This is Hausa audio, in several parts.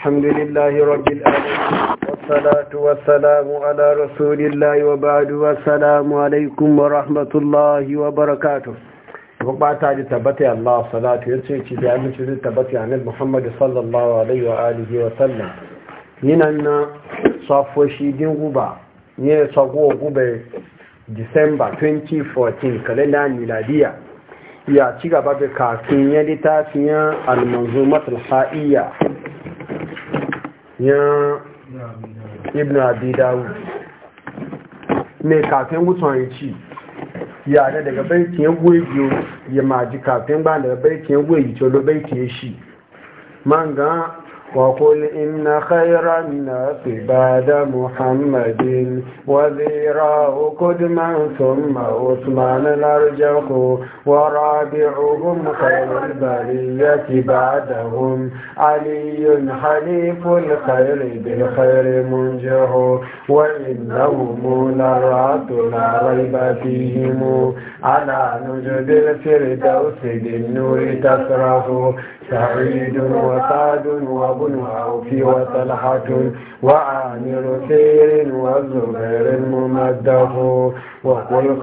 الحمد لله رب العالمين والصلاة والسلام على رسول الله وبعد والسلام ba ta ya Allah salatu ya ce ki da mun ya Annabi Muhammad sallallahu alaihi wa alihi wa sallam ni nan na safo shi din guba ne safo guba December 2014 kalenda miladiya ya ci gaba da kafin ya litafin ya ibn abi dawud mai kafin wutan ya ci yare daga baikin ya goyi ya maji kafin ba daga baikin ya goyi ce lo baikin shi man ga وقل إن خير الناس بعد محمد وذيراه قدما ثم عثمان الأرجح ورابعهم خير البرية بعدهم علي حليف الخير بالخير منجح وإنهم نرات لا ريب فيهم على نجد الفردوس بالنور تسره سعيد وسعد وبرد وفي وطلحة وعامر خير وزبير ممدد وقل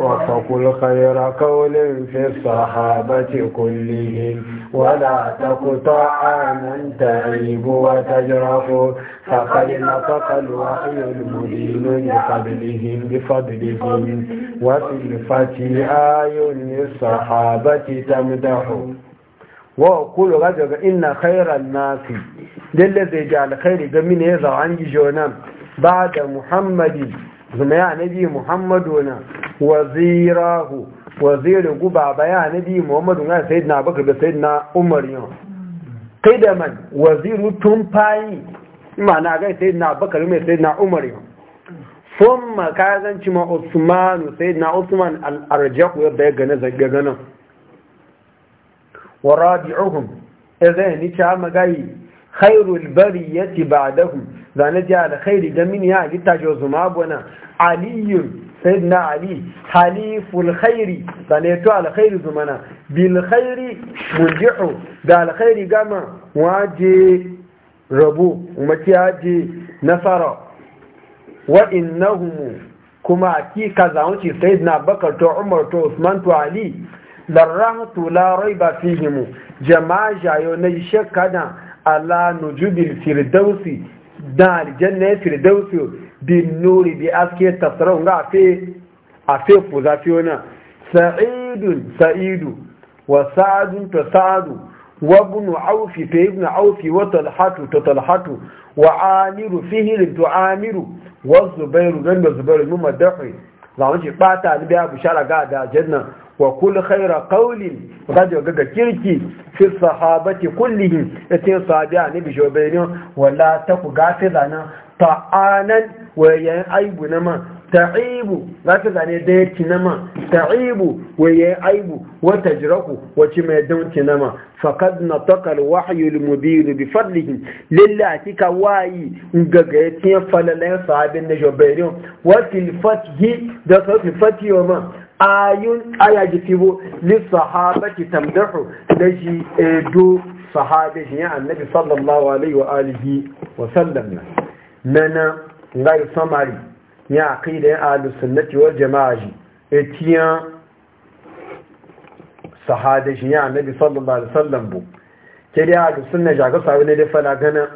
وفقل خير قول في الصحابة كلهم ولا تقطع من تعيب وتجرف فقد نطق الوحي المبين لقبلهم بفضلهم وفي الفتي آي للصحابة تمدح wa kulu ga daga inna khairan nasi dalle zai ji alkhairi ga mine ya zawan gi jona ba da muhammadi zuma ya nabi muhammadu na wazirahu wazirin guba ba ya nabi muhammadu na sayyidina bakar da sayyidina umar yau kai da man waziru tun fayi imana ga sayyidina bakar mai sayyidina umar yau sun makazanci ma usmanu sayyidina usman al-arjaku yadda ya gane zagaga wa rabi'uhum idan ni ta magai khairul bariyati ba'dahum zane ji alkhairi ga min ya gita jo zuma bona aliyun sayyidina ali haliful khairi zane to alkhairi zumana bil khairi da ga gama waje rabu ummati nasara wa innahum kuma akika zaunci sayyidina bakar to umar to usman to ali larrahtu la raiba fihimu jama'a jayo na shakana ala nujubil firdausi da aljanna firdausi bin nuri bi aske tasarau ga afe afe fuza fiona sa'idu wa sa'adun ta sa'adu wa ibn aufi ta ibn aufi wa talhatu ta talhatu wa amiru fihilin to amiru wa zubairu ganda zubairu mu madahi zamanci bata ni biya bushara ga da janna وكل خير قول قد وقد كيركي في الصحابة كلهم اتين صادعني بشوبينيون ولا تقو قافضانا طعانا ويأيب نما تعيب قافضاني ديرك نما تعيب ويأيب وتجرق وشميدونك نما فقد نطق الوحي المبير بفضلهم للاتك واي انقاقيتين فللين صعبين نشوبينيون وفي الفتح ده صوت الفتح يوما ayun aya li sahabati tamdahu da shi edo eh, sahabe shi ya annabi sallallahu alaihi wa alihi wa sallam nana ngai samari ya aqida ya ahlus sunnati wal jamaa etiya sahabe shi ya annabi sallallahu alaihi wa sallam bu ke da ahlus sunna jaga sahabe ne da fala gana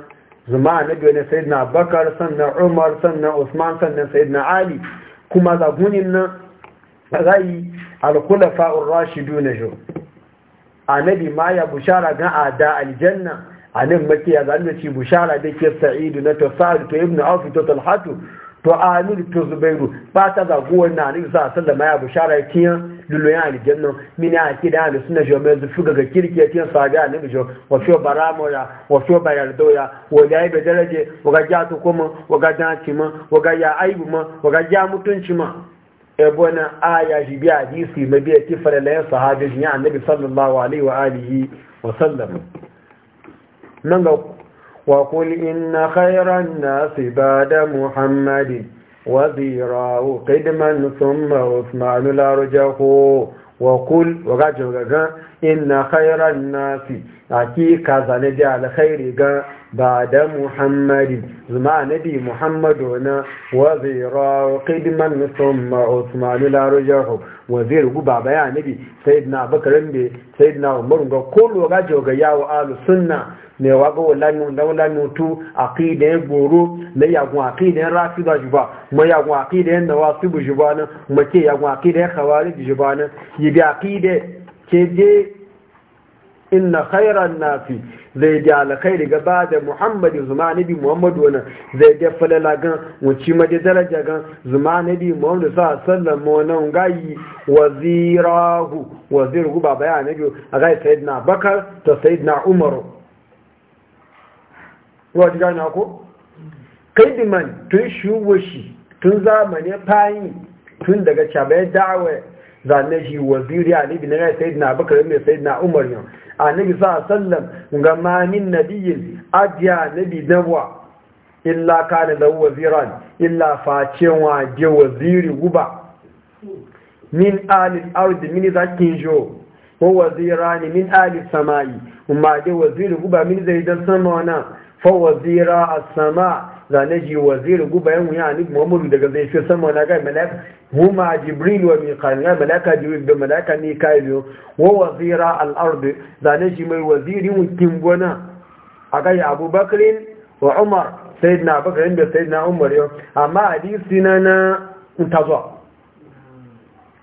zuma annabi ne sayyidina Abakar, sannan umar sannan usman sannan sayyidina ali kuma zagunin nan zai alkulafa urashidu na jo annabi ma ya bushara ga ada aljanna anan makiya ya da ci bushara da ke sa'idu na to sa'id to ibnu auf to talhatu to amir to zubairu ba ta zagu nan za sa sallama ya bushara ya kiyan luluyan aljanna min ya kida da sunna jo mai zufu ga kirki ya kiyan sahabi annabi jo wa fi baramo ya wa bayar bayardo ya wa ya yi daraje wa ga ja to kuma wa ga ja ci ma wa ga ya aibu ma wa ga mutunci ma ebona aya shi bi hadisi ma bi tifara la sahabi ni annabi sallallahu alaihi wa alihi wa sallam nan ga wa qul inna khayran nasi ba'da muhammadin wa zira'u qidman thumma usmanu la rajahu wakul wagajin gagan ina khairar nafi hakika zane da alkhairi ga ba da muhammadi zuma nabi muhammadu na wazira kidman nufin ma'osmanu larujar hau wazira guba bayanabi sai na bakarin da sai na umarun ga kowai wagajin gaya wa alu sunna ne wa ga wallani da wallani tu aqidan e goro ne ya gun aqidan e rafida juba ma ya gun aqidan e nawasib juba ne ma ke ya gun aqidan khawarij juba ne yi bi ke je inna khairan nafi zai da alkhairi gaba da muhammad zuma nabi muhammad wani zai da falala gan wuci maje daraja gan zuma nabi muhammadu sa sallan monan gayi wazirahu wazirhu ba bayan nabi a gai sayidina bakar ta sayidina Umar. wata gane ko kaidiman tun shugoshi tun zamani fayi tun daga cabai da'awar zane shi waziri libi na rai sai na bakar mai sai na umar yau a nabi sa sallam ga mamin biyin ajiya na bi dawa illa kana da waziran illa face waje waziri guba min alif ardi min zakin jo ko wazirani min alil sama'i umma da waziri guba min zai dan sama wana fawazira wazira as-sama zane ji wazir guba yan wuya ni mamuru daga zai fi sama na gai malaka huma jibril wa mikal ya malaka jibril da malaka ni mikail wa wazira al-ard zane ji mai wazirin kin gona akai abubakar wa umar sayyidina abubakar da sayyidina umar yau amma hadisi na na tazo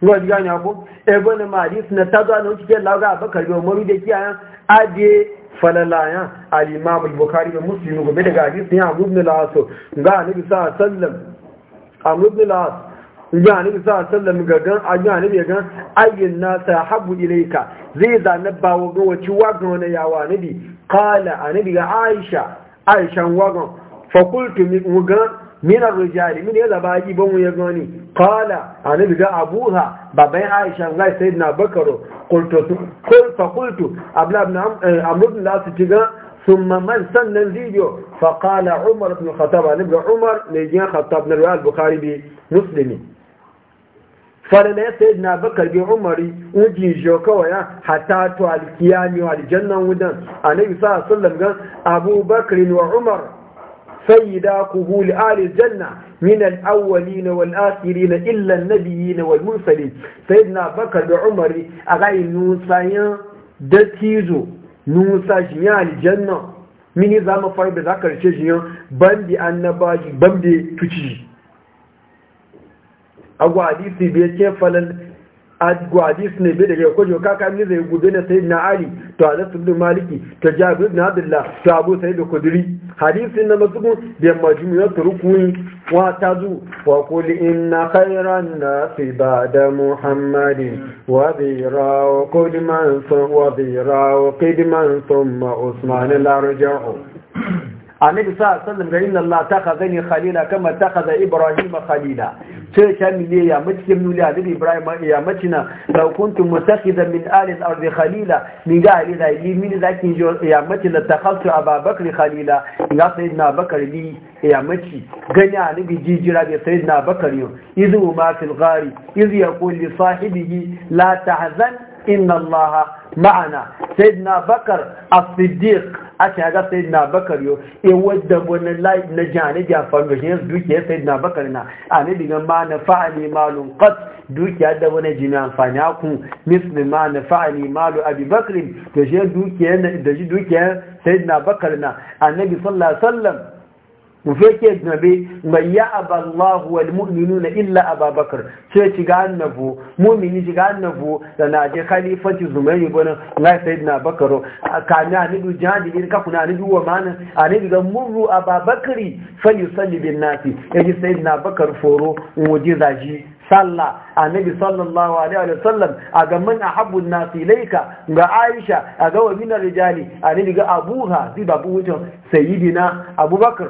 ruwa ji gani ko ebe na ma hadisi na tazo na wuce ke lawa ga abubakar da umaru da kiyayen adiye falalayan al-imam al-bukhari da muslim gobe daga hadisin ya ibn al ga annabi sallallahu alaihi wasallam ibn al ya ga annabi sallallahu alaihi wasallam ga dan ajin annabi ga ayyin nasa habu ilayka zai zana bawo ga wace wagon na yawa annabi qala annabi ga aisha aisha wagon fa qultu mi min ar-rijali min ya zaba ji ban ya gani qala anabi aisha ngai sayyidina bakaro qultu qul fa qultu abla ibn amr ibn sannan video fa qala umar ibn khattab anabi ga umar ne ji na riwayat bukhari bi muslimi ya sai na bakar bin umari uji jo kawai ya hata aljannan wudan annabi ga abubakar wa umar Sai da ku hule Ali Janna, minan al'awanni na wal'asire na illa na biyu na walminsale. Sai na da Umar a yayin nusayen dattizo. Nusa jinya Ali Janna. Minizaman fargayar zakar da shan jiya. Ban bi anan ba ki, ban hadis ne bai da yau kwajo kaka ne zai gube na sayi na ali to anas bin maliki ta jabir na abdullah to abu da kudri hadisi na masu bi majmu'at rukuni wa zu wa kairan na fi ba da muhammadin wa dhira wa qidman thumma usman al-arja'u annabi sa sallam ga ta kaza ni khalila kama ta kaza Ibrahim khalila sai ta mile ya mutum nuli a dubi Ibrahim ya macina da kuntu mutakhidha min ali al-ard khalila min ga ali da yi min zakin ya macina ta khasu Abubakar khalila ga sayyidina Bakar li ya maci gani annabi jijira da sayyidina Bakar yo izu ma fil ghari iz yaqul li sahibihi la tahzan inna Allah ma'ana sayyidina Bakar as-Siddiq a ya ga sai na bakar yo e wadda wani lai na jani da faru shi yanzu dukiya sai na bakar na a ne diga ma na fa'ali malun qat dukiya da wani jini amfani ku misli ma na fa'ali malu abubakar to shi dukiya da shi dukiya sai na bakar na annabi sallallahu alaihi wasallam وفيك نبي ما يأبى الله والمؤمنون إلا أبا بكر شيء تجعل نبو مؤمن تجعل نبو لأن أجي خليفة زمان يبون لا سيدنا بكر كان عنده جهاد إذا كنا عنده ومانا عنده مر أبا بكر فليصلي بالناس يجي سيدنا بكر فورو ومجيزاجي sallah annabi sallallahu alaihi wa sallam a ga man ahabbu an-nas ilayka ga Aisha a ga wa min rijali annabi ga Abuha zibabu wucin sayyidina Abubakar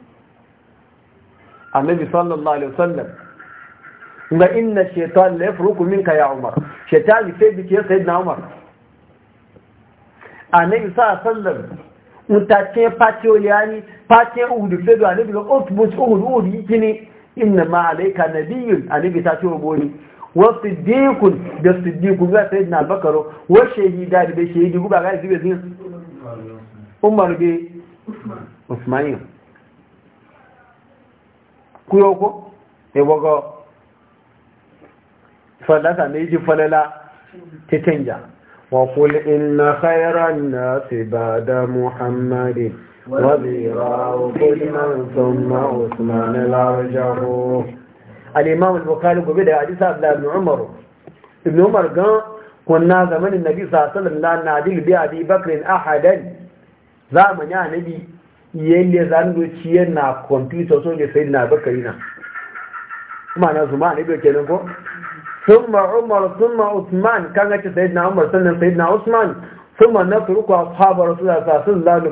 annabi sallallahu alaihi wasallam ga inna shaitan la yafruku minka ya umar shaitan sai biki ya sayyidina umar annabi sallallahu alaihi wasallam mutace fati oliyani fati uhudu fedo annabi ga utbus uhudu uhudu yikini inna ma alayka nabiyyun annabi ta ce obori wa siddiqun da siddiqun ga sayyidina abubakar wa shahida da shahidi guba ga zibe zin umar bi usman kuyoko ya waga falasa ne ji falala ta canja wa kul inna khairan nasi ba'da muhammadin wa zira'u kulman thumma usman al-arjahu al-imam al-bukhari gobe da hadisi abdullah ibn umar ibn umar gan kunna zamanin nabi sallallahu alaihi wasallam na nadil bi abi bakr ahadan zamanin nabi yadda za mu ci yana kwamfuta sun ke sai na Kuma na zuma su ma'ana ibe kenan ko sun ma umar sun usman kan ga ci sai na umar sannan sai na usman sun na turu ko haɓar su da sa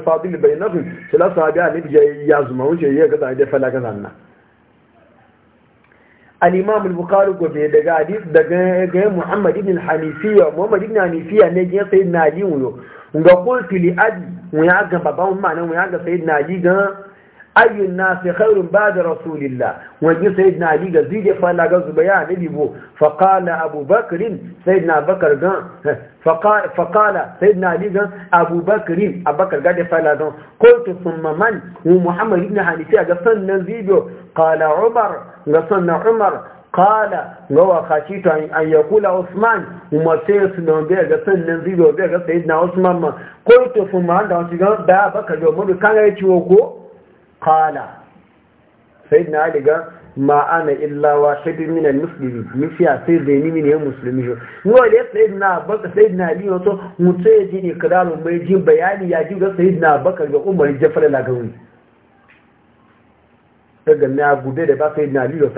fadil bai na su shi la su haɗe ne bije ya zuma wuce ya gaza a jefa laka zanna al-imam al-bukhari ko be daga hadith daga ga muhammad ibn al-hanifiya muhammad ibn hanifiya ne ya sai na liwo ga kultu li aji mu ya ga baban ma nan mu ya ga sayyidina ali ga ayyun nas khairun ba'da rasulillah wa ji sayyidina ali ga zide fa la ga zubaya ne bo fa qala abubakr sayyidina bakr ga fa qala sayyidina ali ga abubakr abakar ga de fa la don kultu thumma man mu muhammad ibn hanifi ga sannan zido qala umar ga sannan umar kala ga wakaci to an ya kula usman umar sai su na biya ga sannan zibo biya ga sayid na usman ma ko ita sun ma da wasu gan da baka da mu kan ya ciwo ko kala sayid na ali ma ana illa wahid min al muslimin mifiya sai zai ni min musulmi jo no da sayid na baka sayid na ali wato mutai ya ji ne kadalu mai ji bayani ya ji ga sayid na baka ga umar jafar lagawi daga na gude da ba sayid na ali da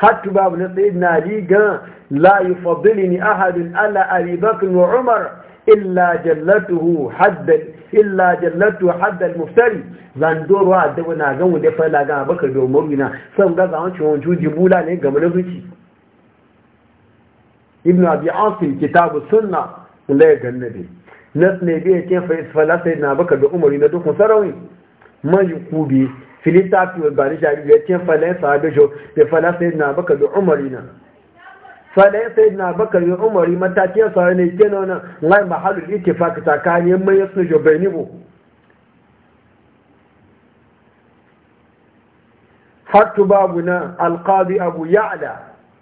hatu babu na tsaye na riga la yi fadili ni ahadin ala abubakar wa umar illa jallatuhu haddal illa jallatu haddal muftari zandoro a dabu na gan wunde fala gan abakar da umaru na san ga zaman ciwon juji bula ne game da zuci ibn abi asim kitabu sunna kula ya gannabi nas ne biya ke fa isfala sai na abakar da umaru na dukkan sarawi man yukubi filita fi bari shari ya ce falai sahabe jo da falai sai na baka da umari na falai sai na baka da umari matakiyar sahabe ne ke nuna ita mahalul ittifaq tsakanin mai yasu jo bai nibo hatu babu na alqadi abu ya'la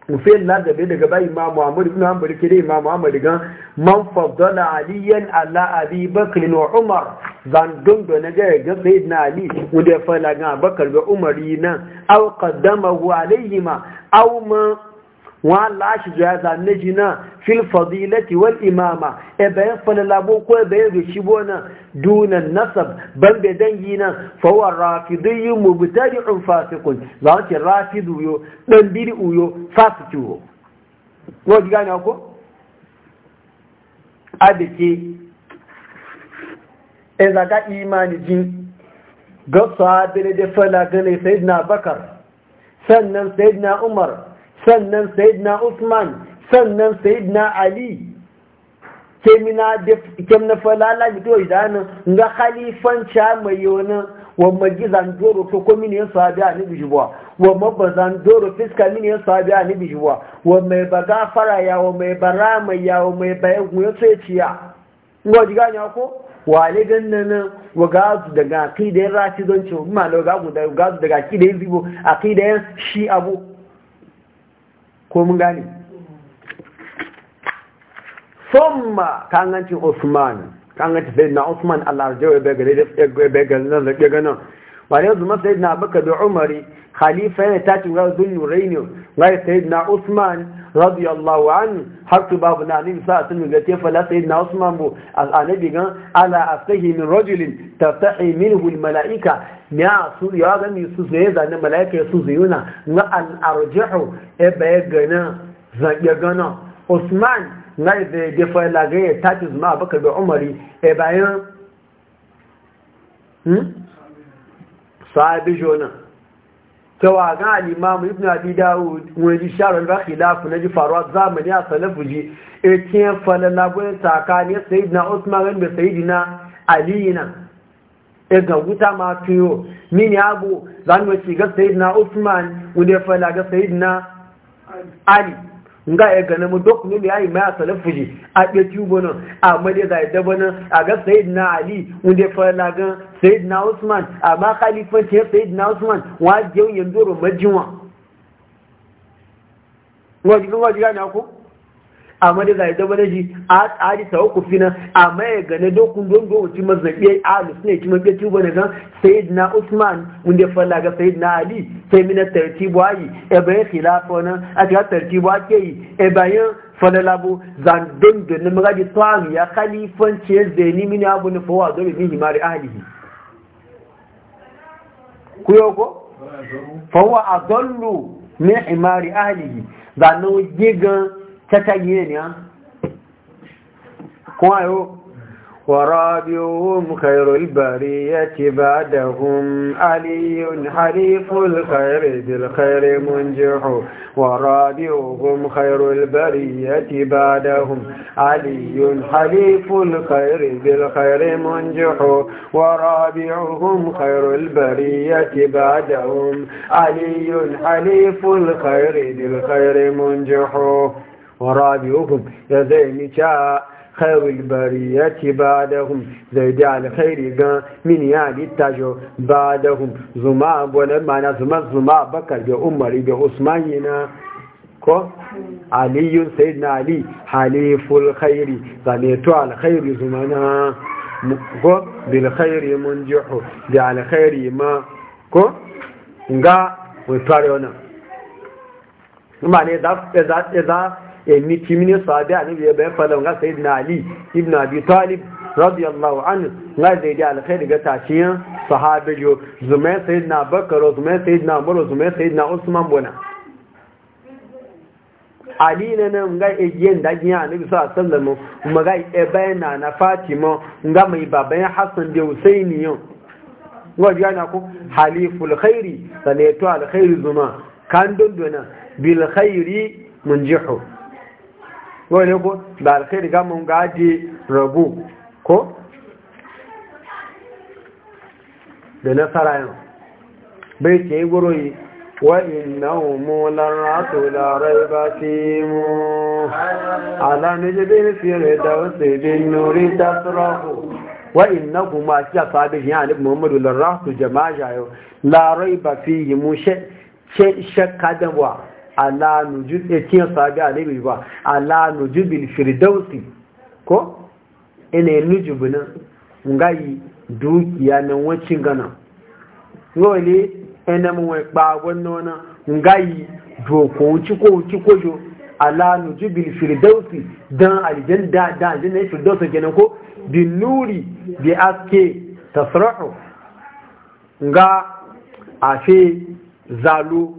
وفين لا ده بيد جبا إمام محمد بن حنبل كده إمام محمد كان من فضل عليا على أبي بكر وعمر zan dundu na gaya ga sayyidina ali wanda ya fara ga bakar ga umari nan aw qaddamahu alayhima aw wọn láṣì jọ yàtà méjì náà fílfọ̀dí ilẹ̀tì wọ́n ìmáàmà ẹ̀bẹ̀ ń fọ́nà labó kó ẹ̀bẹ̀ ń rèṣí bó náà dúnà nasab dangi náà fọwọ́ rafidu yi mubitari un fasikun za láwọn ti rafidu yóò ɗan biri uyo fasiki wo wọ́n jin sannan sayyidina umar sannan sayyidina usman sannan sayyidina ali kemina da kemna falala mi to idan nga khalifan cha yona wa magizan doro to ko mini yaso abi ani bijwa wa mabazan doro fiska mini yaso abi ani bijwa wa mai baga fara ya wa mai barama ya wa mai bayu yaso ciya ngo diga nya ko wa le nan wa gazu daga aqida rashi don ci ma lo gazu daga gazu daga aqida zibo aqida shi abu ko mun gane somma kangancin osman kangancin sai na osman allah jawo ya ganin ba da zuma sai na baka da umari khalifa yana tacin gawar zunnurai ne ga sai na osman radiyallahu anhu har babu na nin sa sun ga te fala na usman bu anabi gan ala astahi min rajulin taftahi minhu al malaika ya su ya ga mi su zai da malaika su zuyuna na al arjihu e ba gana gana usman na da da fala ga ya tafi zuma baka da umari e bayan hmm? sahabi jona wa ga alimamu ibn abi dawud wani sharon ba khilafu na ji faruwa zamani a salafu ji e tiyan falala gwen tsakani sayyidina usman da sayyidina ali na e ga wuta ma tuyo mini abu zan wace ga sayyidina usman wanda ya fala ga sayyidina ali nga ya e gane mu duk ne ya yi ma salafu a ɗe tubo nan a made zai e daba bana a ga sayid na ali wanda fara lagan sayid na usman a ma khalifan ce sayid na usman wa jiyau yanzu ro majiwa ku amma da zai dama shi a tsari kufi na amma ya gane dokun don don wuce a alusuna kuma kima tuba na gan sayid na usman wanda ya falla ga sayid na ali sai mina tartibu ayi e bayan khilafa wannan a cikin tartibu ake yi e bayan falalabu zandon da na magaji tsari ya khalifanci ya zaini mini abu na fawa zobe min himari ahalihi kuyoko fawa a zallu min himari ahalihi zanen gigan تتجيني يا كوايو ورابعهم خير البرية بعدهم علي حريف الخير بالخير منجح ورابعهم خير البرية بعدهم علي حريف الخير بالخير منجح ورابعهم خير البرية بعدهم علي حريف الخير بالخير منجح ورابعهم يزين شاء خير البرية بعدهم زيد على خير جان من يعني التاجو بعدهم زماء ولما نزمى زماء بكر بأمر بعثمان ينا ko aliyun sayyidina ali haliful khairi zanetu al khairi zumana ko bil khairi munjihu bi al khairi ma ko nga wetare ona ma ne da da da emi timini sahabi annabi ya bayan nga ga na ali ibn abi talib radiyallahu anhu nga da ya alkhairi ga tashiyan sahabi yo zumai na bakar zumai na umar zumai na usman Buna. ali ne nan ga egiyen da giya annabi sa sallallahu kuma ga e bayana na fatima nga mai baban hasan da husaini yo Nga ji ana ko haliful khairi sanaitu alkhairi zuma kan dondona bil khairi munjihu ne ko da alkhairi ga mun gaji rabu ko da nasara yau bai ke yi wa inna umu larratu larai ba fi mu fiye da wasu bin nuri ta wa kuma shi a sabi ya muhammadu jama'a larai ba fi yi mu shakka da ala nujud e tiyan sabi a nabi ba ala nujubil firdausi ko ina yin nujubu nan ngayi dukiya na wancin gana ngole ina mu wai kpagon nona ngayi dan da ko nuri bi aske tasrahu nga afe zalo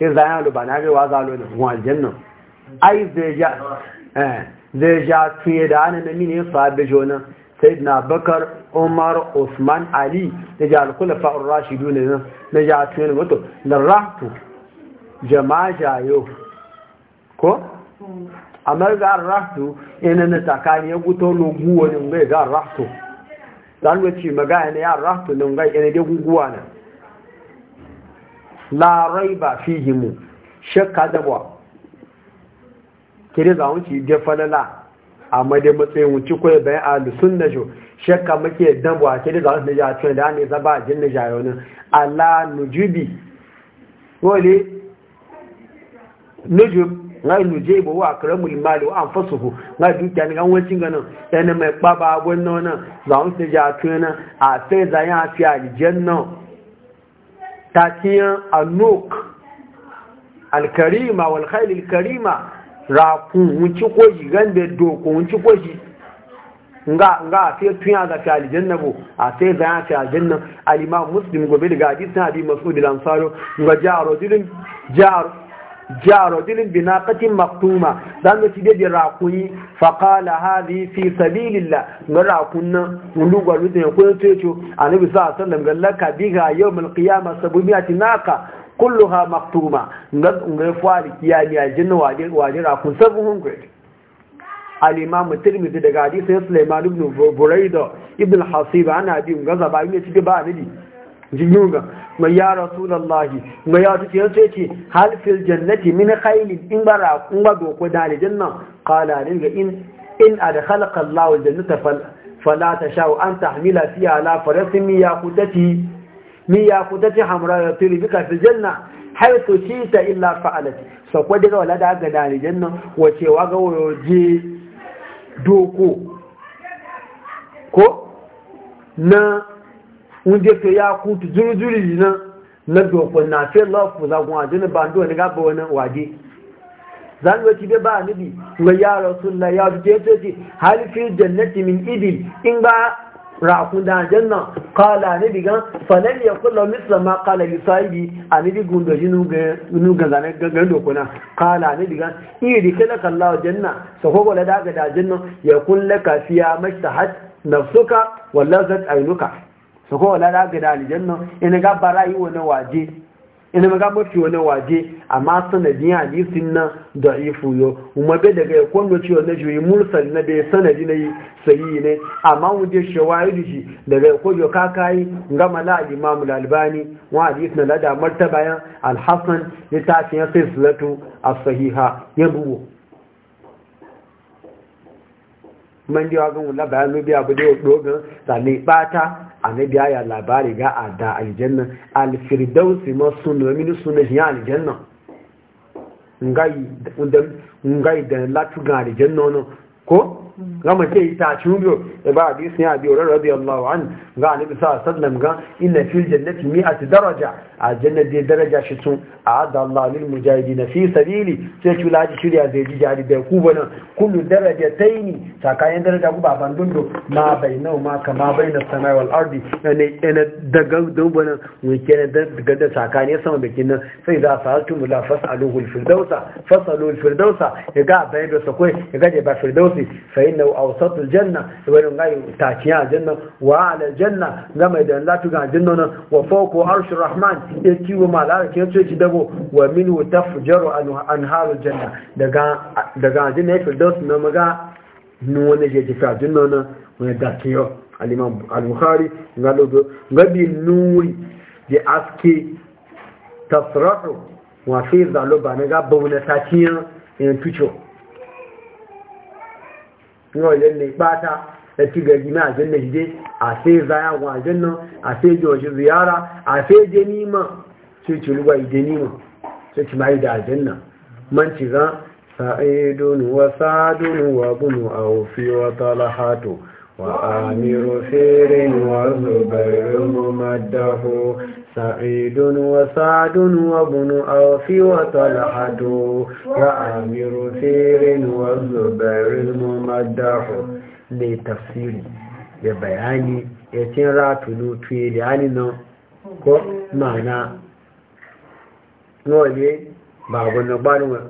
sai zayan lu ba na za wa lo ne mu aljanna ai eh, zai ja tuye da hannun na mini sahabe jona na bakar umar usman ali da ja alkula khulafa ar-rashidun ne na ja tuye ne mutu da rahtu jama'a jayo ko amma ga rahtu ina na tsakani ya guto lugu wani ga rahtu dan wace magana ya rahtu nan ga ina dai guguwa na larai ba fi himu shakka dabuwa kiri za wuce da falala a dai matsayin wuce kawai bayan lusun na jo shakka muke dabuwa kiri za wuce na ja da ne zaba a jinna jayonin ala nujubi wale nujub ngai nuje bo wa karamul mali wa anfasuhu ngai dukiya ni ganwa cinga nan yana mai baba wannan na, za wuce na tun a sai zayan afiya jannan tatiyan anok alkarima walhaili alkarima rakun wunci koji gande doko wunci koji nga nga sai tunya ya fi aljanna bo a sai zaya fi aljanna alimam imam muslim gobe daga hadisi mas'ud al-ansari nga ja'a jaro dilin binaqatin maktuma dan da ci da rakuyi fa qala hadhi fi sabilillah ga rakunna mundu gwaru da ko techo annabi sa sallam ga laka biga yawmul qiyamah sabumiyati naqa kulluha maktuma ga ga fari kiyami ajin wadi wadi rakun 700 al-imam daga hadisi sulaiman ibn burayda ibn hasib ana bi gaza ba ne ci ba ne jinyoga mai ya rasulallahi mai ya tuce yanzu yake halfil jannati min haini in bara ba doko da nan qala ga in a in adkhalaqa da aljannata falata tashau an hamila fiha la farasin miyaqutati miyaqutati hamra turi bi kafin janna haythu ta illa fa'alati so daga wala da ga da aljanna wace wa ga waje doko ko na wunde to ya kutu zuruzuri na na dokon na fe lafu zagun ba bando ni gaba wani waje zan wace be ba bi ga ya rasulullah ya duke ce ce halifin jannati min ibil in ba rakun da janna ni ne digan falal ya kullu misla ma kala li sahibi bi gundo jinu ga nu ga zane ga qala ni bi ne digan di kala kallahu janna sako ko daga da janna ya e kullaka fiya mashtahat nafsuka wallazat ainuka su wala lada ga da aljanna ina ga barayi wani waje ina ga mafi wani waje amma sanadin hadisin nan da ifu yo kuma bai daga ya kwallo cewa na juyi mursal na bai sanadi na yi sayi ne amma mu je shawayi da shi daga ya kwallo kakayi ga gama al-imamu albani wa hadis na lada alhasan ni ta littafin ya sai sulatu a sahiha ya bugu man wa gan wala bayan mu biya bu da dogon bata annabi ya labari ga a da aljanna alfirdausi ma suna mini suna shi aljanna ngai da latu ga aljanna ko gama ce ita cungo da ba hadisi ya biyo rarrabi Allah an ga annabi a sallam ga inna fil jannati mi'at daraja a jannati daraja shi tun a adda Allah lil mujahidin fi sabili sai ki laji shirya zai ji jari da ku bana kullu ta sakayen daraja ku ba ban dundo ma bainau ma kama bainas samai wal ardi ne ne daga dubanan mu kene daga da sakane sama da kinan sai za sa tu mula fasaluhu al firdausa fasalu firdausa ya ga bayan da sakwai ya ga ba firdausi sai inna awsatul janna wani ngai takiya janna wa ala janna gama da latu ga janna nan wa fawqa arshir rahman ya kiwo malaka ke ce dago wa minhu tafjaru anharul janna daga daga janna firdaus na maga nuwane je ji fa janna da kiyo al di ake tasrahu wa na ga bauna takiya wọn lè lè pátá ẹtí gẹ̀gì náà àjẹ́ lẹ́jìdé àṣẹ ìzáyàwó àjẹ́ náà àṣẹ ìjọ òṣèlú yára àṣẹ ìjẹ nímọ̀ tí ó ti olúwa tí ó ti máa ìdá àjẹ́ náà wa وآمر خير وزبير ممده سعيد وسعد وابن أوف وطلحة وآمر خير وزبير ممده لتفسير لبيان يتين راتلو تويلاننا ko mana wọ́n lè bàbọ̀nà gbáríwọ̀n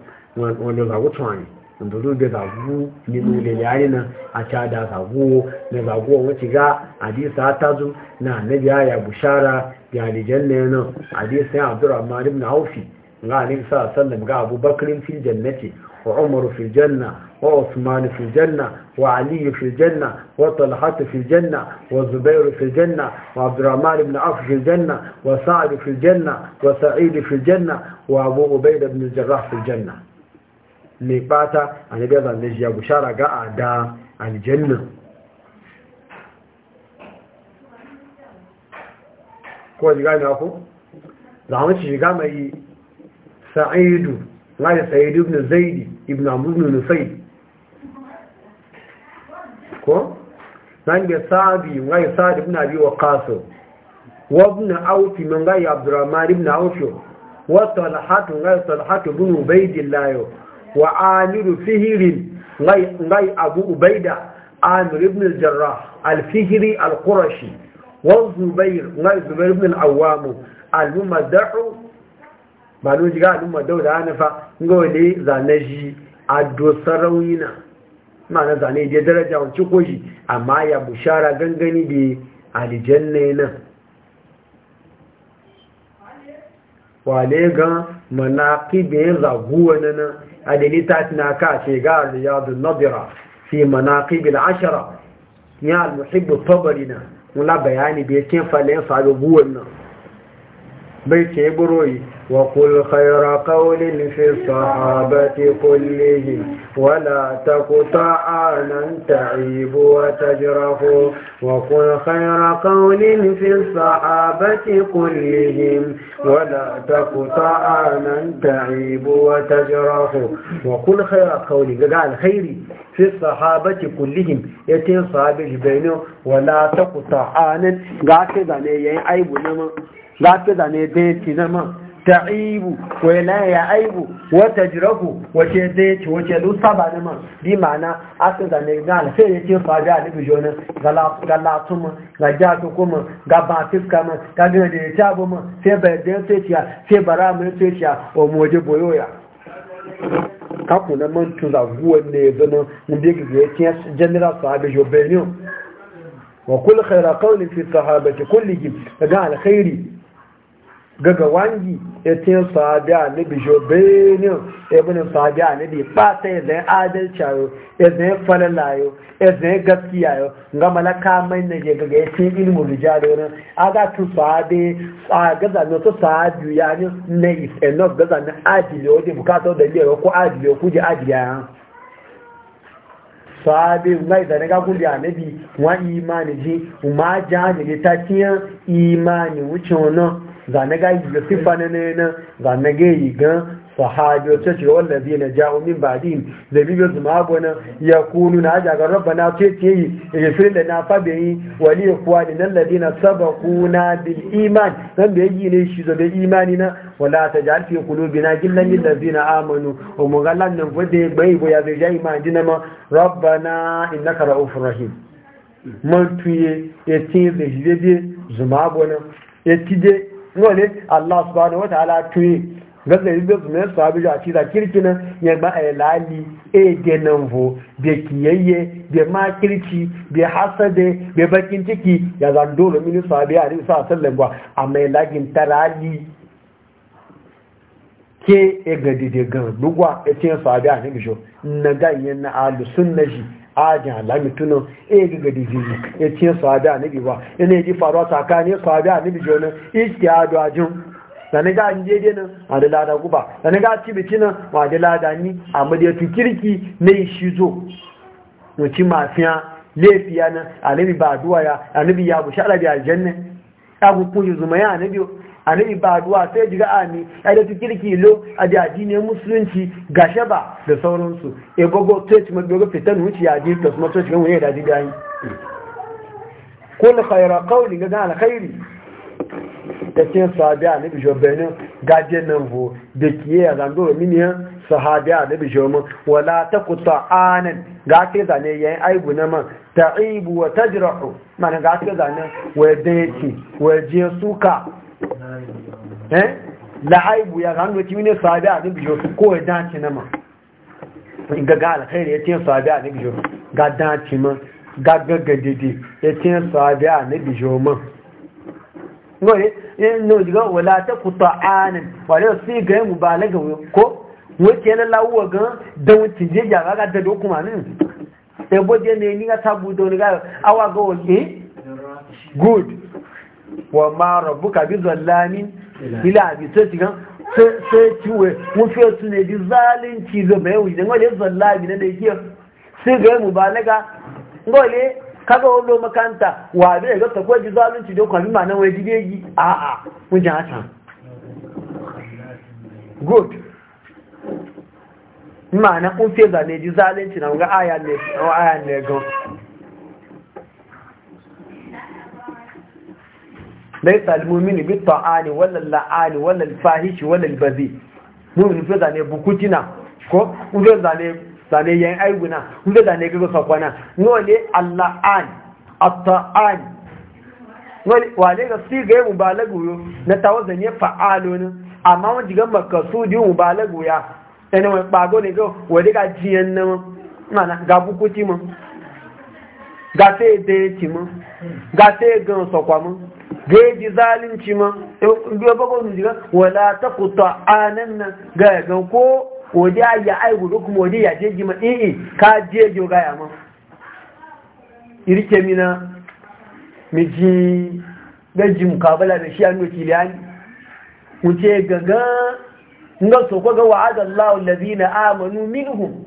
lọ́gbàwó tán yìí ndoro da zagu ni da yare nan a ta da zagu na zagu wace ga hadisa ta zo na annabi ya bushara ya na nan hadisa ya abdurrahman ibn aufi ga alim sa sallam ga abubakar fil jannati wa umar fil janna wa usman fil janna wa Aliyu fil janna wa talha fil janna wa Zubairu fil janna wa abdurrahman ibn auf fil janna wa sa'd fil janna wa sa'id fil janna wa abu da ibn jarrah fil janna mai bata a na gaza na jiya bushara ga a da aljanna ko ji gani ku za mu ci shiga mai sa'idu na sa'idu ibn zaidi ibn ibn nufai ko nan ga sa'idi na da ibn abi wa ibn wabna aufi min gai abdurrahman ibn aufi wa talhatu gai talhatu ibn ubaydillah wa amiru fihirin ngai abu ubaida amir ibn al-jarrah al fihiri al-qurashi wa zubair ngai zubair ibn al-awwam al-mumaddahu manu jiga al-mumaddahu da zane ngole a dosarauyina ma na zane je daraja ci koji amma ya bushara gangani da alijanna yana wale gan manaƙibin raguwan nan a dalita na ka shigar ya zunabira fi manaƙibin ashirar ya al-muhibbu tabari na wula bayani bai cin falen faruguwan nan بيتي بروي وقل خير قول في الصحابة كله ولا تقطع لن تعيب وتجرف وقل خير قول في الصحابة كلهم ولا تقطع لن تعيب وتجرف وقل خير قول قال خيري في الصحابة كلهم يتين صحابة بينه ولا تقطع عانا قاكد كذا يعيب عيب نمو gafe zane bai ci nama ta ibu wai na ya aibu wata jiragu wace zai ci wace lusa ba nama bi mana aka zane ga sai ya ce faga a nufi jonin ga latuma ga jato kuma ga ba fiska ma ga gina da ya ci abu ma sai bai zai sai ciya sai bara mai ci ciya wa moje boyoya kaku na da zaguwa ne ya zama inda ya ce general sahabi jo benin wa kul khaira qawlin fi sahabati kullihim ga alkhairi gaga wangi etin ce sahabi a nabi jobenin ibinin sahabi a nabi fata ya zai adalci yau ya falala ayo ya gaskiya yau ga malaka na je gaga etin ce ilimin rijali wani a ga tu sahabi a gaza na sahabi ya ne na is enough gaza na adili da liyar ko ya sahabi ga imani ji ta tiyan imani zanaga yi ga siffa na nena zanaga yi ga sahabi wacce ce wanda zai na ja'o min badin da bibiyar zuma abuwa ya kunu na aja ga rabba na ce ce yi ya da na fabe yi wani ya kuwa da nan ladina saba kuna bil iman nan da ya yi ne shi zabe imani na wala ta ja alfi kulu bina gillan yin da zina amanu o mu ga lannan wadda ya bai ya zai ja iman ji na ma rabba na inna ka ra'ufin rahim man tuye ya ce zai shi zuma abuwa ya ci wani Allah subhanahu wataala ta'ala tuye gaza yi bezu mai sabi a cikin kirkina ya ba a lali e nan vo bai kiyayye bai kirki bai hasade bai bakin ciki ya zando dole min sabi a risa sallan ba a mai lagin tarali ke e gadi da gan dugwa e tin sabi a nan bisho na ganyen na alu sun na ajin alamitunan iya e giga da jiri e ya ce sahabi a nabi ba yana e yi faruwa tsakanin sahabi a nabi jona iske adu ajin sani ga an jeje nan a da lada guba sani ga cibici nan ma da lada ni a madaitu kirki na shi zo mutum mafiya laifiya nan a nabi ba aduwa ya a ya bu shaɗa alabi aljanna ya gukun yi zuma ya nabi annabi ba duwa sai jiga ami ai da kirki lo a da addini musulunci ga shaba da sauransu e gogo church ma gogo fitan wuce ya ji kuma church kan wani da ji gani kul khayra qawli ga gana khairi da ce sahabi annabi jobenu gaje nan vo da kiye ya zando miniya sahabi annabi jomu wala takuta anan ga ke zane yayin aibu na man ta'ibu wa tajrahu mana ga ke zane wa dace wa je suka eh la'aibu ya gano ki ne sahabi a nabi jo ko ya dace na ma in ga ga alkhairi ya ce sahabi a nabi jo ga dace ma ga gaga dede ya ce sahabi a nabi jo ma ngore eh no diga wala ta quta'anan wala si ga mubalaga ko ke na lawuwa gan da wucin je jaga ga da dokuma nin sai e boje ne ni ga tabu da ni ga awa ga wake good wa ma rabbuka bi zallamin ila bi sai shiga sai ciwe mun su ne ji zalunci zo bai wuce wale zalla bi na da yake sai ga mu ba naga ngole kaga wallo makanta wa da ga ta ko ji zalunci da kwami ma nan wai didegi a a mun ji hata good ma'ana kun fiye zane ji zalunci na ga aya ne aya ليس المؤمن بالطعان ولا اللعان ولا الفاحش ولا البذيء مؤمن في zane bukutina ko ube zane zane yan aiguna ube zane gaba sakwana nole allah'an atta'an wale ga si ga mu balagu na tawazan ya fa'alo ne amma wani jigan makasudi mu balagu ya ene wani ɓago ne ga wani ga jiyan na mana ga bukuti mu ga te de ci mu ga te gan sakwa mu gaji zalunci ma ya bako su shiga wala ta kuta anan nan ga ga ko waje a ya aiki ko kuma wadi ya jeji ma ee ka jeji ga ya ma irke mina mi gaji mukabala da shi ki liyani Mu ce gaga nga so ko ga wa'ada Allahu allazina amanu minhum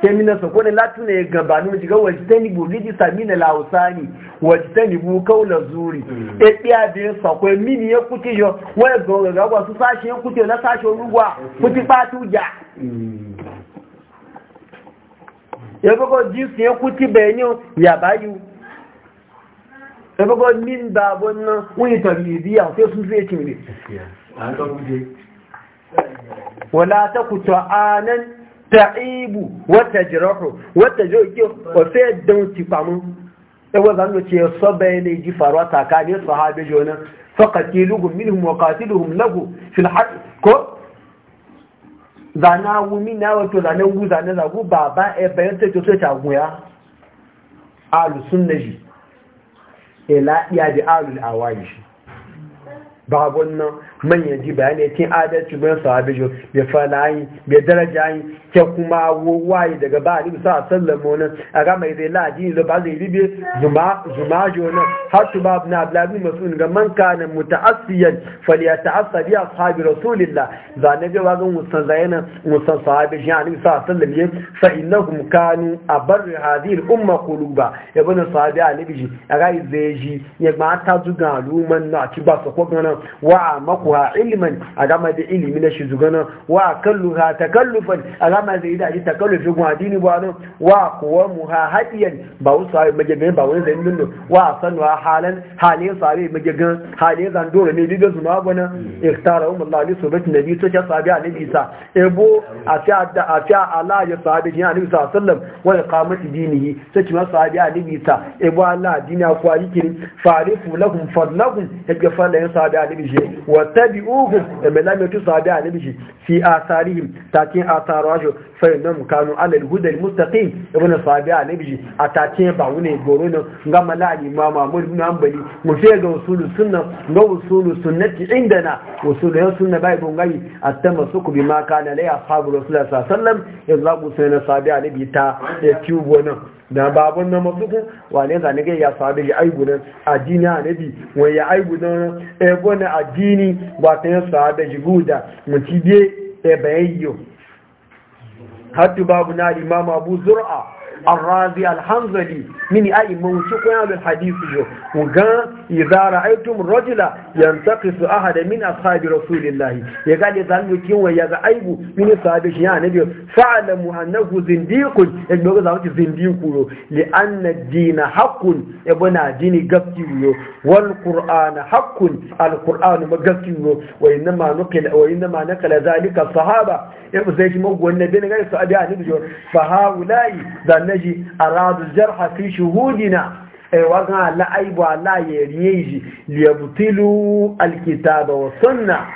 kemina sako ne latu ne gabanu jiga wajitani bu rijisa mina lausani wajitani bu kaula zuri mm. e biya da sako mini ya kuti yo wai gonga gagwa su sashi ya kuti na sashi rugwa mm. kuti patu ja mm. ya bako jinsu ya kuti benyo ya bayu ya bako min babon nan wani tarbidiya sai sun zai cimri wala ta kuta anan ta'ibu wata jirahu wata joki wasu yadda wuce famu ɗawa zan da ce saba yana ji faruwa tsakanin sahabi jona qatiluhum minhum wa qatiluhum lahu fil haq ko zana mi na to zana wu zana zagu baba e bayan ta to ta guya alu sunnaji ila e, ya bi alu awaji babon nan manyan ji bayanai tin adalci bayan sahabi jo bai fara yi bai daraja yi ke kuma wawaye daga ba ni sa sallan mu a ga mai zai laji da ba zai ribe zuma zuma jo nan har tu ba ibn abdullah mas'ud ga man kana muta'assiyan ta'asa bi sahabi rasulillah za ne ga wagan musan zayana musan sahabi a ani sa sallan yi fa innahum kanu a bar al-umma ya bani sahabi ali bi a ga zai ji ya ma ta zuga al'umman na ci ba su ko ganan wa wa ilman agama da ilimi na shi wa kalluha takallufan agama zai da shi takallufi gwa ba no wa kuwa muha hadiyan ba wasu sai maje ne ba wani zai nuno wa sanwa halan halin sabe maje zan dole ne da su ma gwana hmm. um Allah li nabi to ka sabe ebo ala ya sabe sallam wa iqamati dinihi to ki ma sabe ebo ala dinia kwa farifu lahum ya sabe wa fattabi'uhum da mai tusa sahabi a nabi fi asarihim takin asaru ajo fa nan kanu alal al-huda al-mustaqim ibn sahabi a nabi a takin ba wune goro ne ga malali ma mamur ibn hanbali mu sai ga usulu sunna ga usulu sunnati indana usulu ya sunna bai gon gai at-tamassuku bima kana la ashabu rasulullah sallallahu alaihi wasallam yanzu sai na sahabi a nabi ta ya tiwo nan da babun na matsukun wane zane ga ya sabi ya aibu nan addini a nabi wai ya aibu nan ebo na addini watan sahabe jiguda mutibe ebe bayayyo hatu babu na imam abu zur'a arrazi alhanzali mini a imanci kuna da hadisi yau mu ga izara aitum rajula yanta kisu aha da min ashabi rasulillahi ya ga da zalmi kinwa ya ga aibu mini sahabi shi ya na biyu fa'ala muhannahu zindikun ya ga ga zamanci zindikun yau li anna dina hakun ya bana dini gaski yau wal qur'an hakun al qur'an ma gaski yau wa inna ma nukil wa inna ma sahaba ya bu zai shi mawuwan nabi ne ga sahabi a ni biyu fa haulai naji aradu jarha fi shuhudina ai wa la aibu ala yariyeji liyabtilu alkitaba wa sunna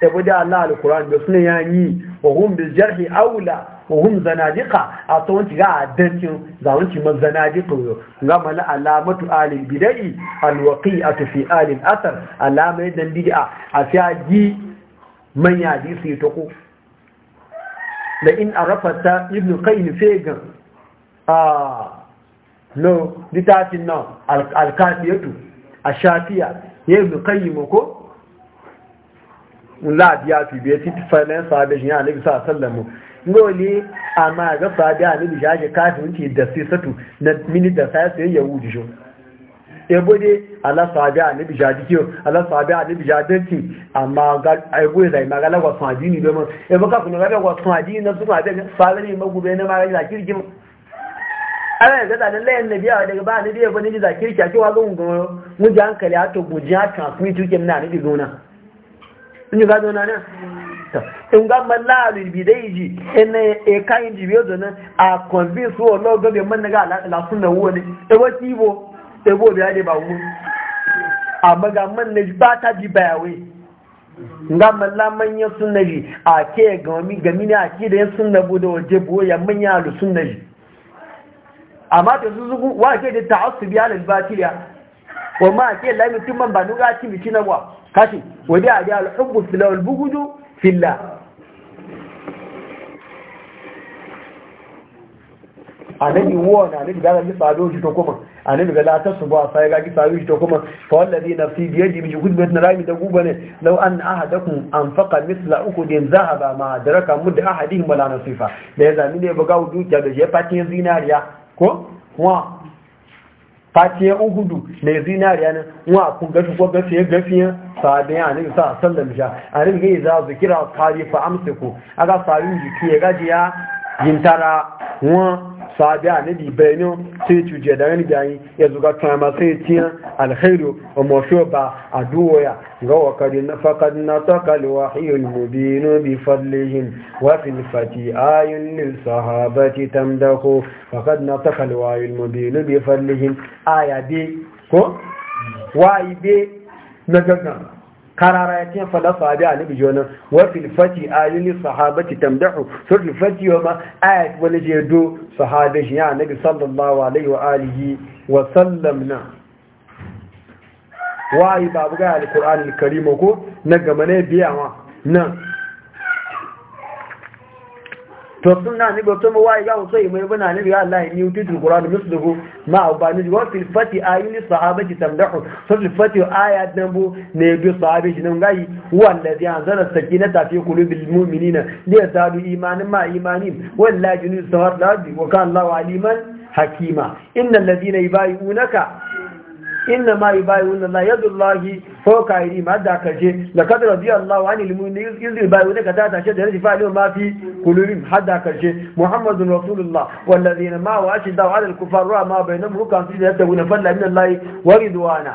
ya bude Allah alquran da sunna yani wa hum bil jarhi aula wa hum zanadiqa a wanti ga addancin wanti man zanadiqa yo ga mala alamatu alil bidai alwaqi'atu fi alil athar alama idan bid'a a fi manya su to ko da in arafata ibnu qayyim fegan Ah, no littafin nan alkafiyatu a shafiya ya yi bukayi mako ya fi biya titi falen sabi shi ya nabi sa sallamu ngoli ma ga sabi a nabi shaji kafin ke da sai satu na mini da sai sai ya wuce shi ebo dai ala sabi a nabi shaji kiyo ala sabi a nabi shaji amma ga aibu da ma ga lagwa sun adini domin ebo kafin ga lagwa sun adini na sun adini sabi ne magube na ma ga kirgin ana yanzu da lallayen na biya daga ba ni biya bani kirki a ki ake wazo ngun muji hankali a to guji a transmit tuke na ni gona in ga zona ne to in ga malla dai ji in e kan ji biyo zona a convince wo lo gobe man ga la sunna wo ne e wa tibo e bo biya ne ba wu amma ga man ne ba ta ji bayawai nga malla manyan sunnaji a ke gami gami ne a ke da yin sunna bude waje boya manya alu sunnaji amma su zugu wa ke da ta'assubi ala al-batiliya wa ma ke la mutum man banu ga ci biki na wa kashi wa da ga al-hubbu fil al-bughdu fillah anabi won anabi ga ga sabo shi to kuma anabi ga la ta su ba sai ga sabo shi to kuma fa wallazi na fi yadi bi gudbat na rami da guba ne law an ahadakum anfaqa mithla ukudin zahaba ma adraka mud ahadihim wala nasifa da ya zamine ne ba ga wudu da je patin zinariya ko wa fatiye uhudu da zinariya nan wa ku gafi ko gafiye gafiye sabiya a nabi sa sallam ja a ga gai za su kira kari fa amsa ko aga sabin jiki ya gaji ya yintara wa sahabi annabi bayanin sai cuje da wani gani ya zuga kama sai tiya alkhairu wa mafiyar ba a duwaya ga wakari na fakad na takali wa hiyar mubinu bi fadlihin wa ayun lil sahabati fakad na takali wa mubinu bi aya ko wa ibe na gaggan karara ya ce fada sahabi a nabi jonan wa filfati ayuni sahabati tamdahu so filfati wa ma ayat wani je do sahabi shi ya nabi sallallahu alaihi wa alihi wa sallam na wayi babu ga alkur'ani karima ko na gama ne biya ma nan to na ni ba to mu wai ga so yi mai bana ya Allah ni yutul qur'an misluhu ma ubani wa fil fati ayuni sahabati tamdahu so fil fati ayat nan ne bi sahabi nan gai wallazi anzala sakinata fi qulubil mu'minina li yazadu imanan ma imanin wallahi yunus sawat ladi wa kana Allahu aliman hakima innal ladina yubayunaka inna ma yubayuna la yadullahi fawqa aydi ma da kaje laqad radiyallahu anil mu'minina iz yubayuna ka ta ta shi da rifa ne ma fi kulubin hadda kaje muhammadun rasulullah wal ladina ma wa ashidda ala al kufar ra ma bainahum rukan fi yatabuna falla min allahi wa ridwana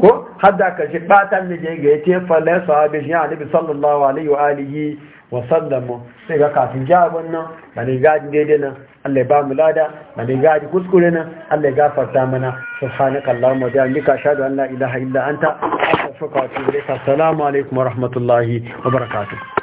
ko hadda kaje batan ne je ga yace falla sahabi ya nabi sallallahu alaihi wa alihi wa sallam sai ga kafin ja wannan bani ga daidai nan Allah ya ba mu lada a da gadi kuskure na Allah ya gafarta mana subhanaka allahumma wa bihamdika ashhadu an la ilaha illa anta astaghfiruka wa atubu ilaik assalamu alaikum wa rahmatullahi wa barakatuh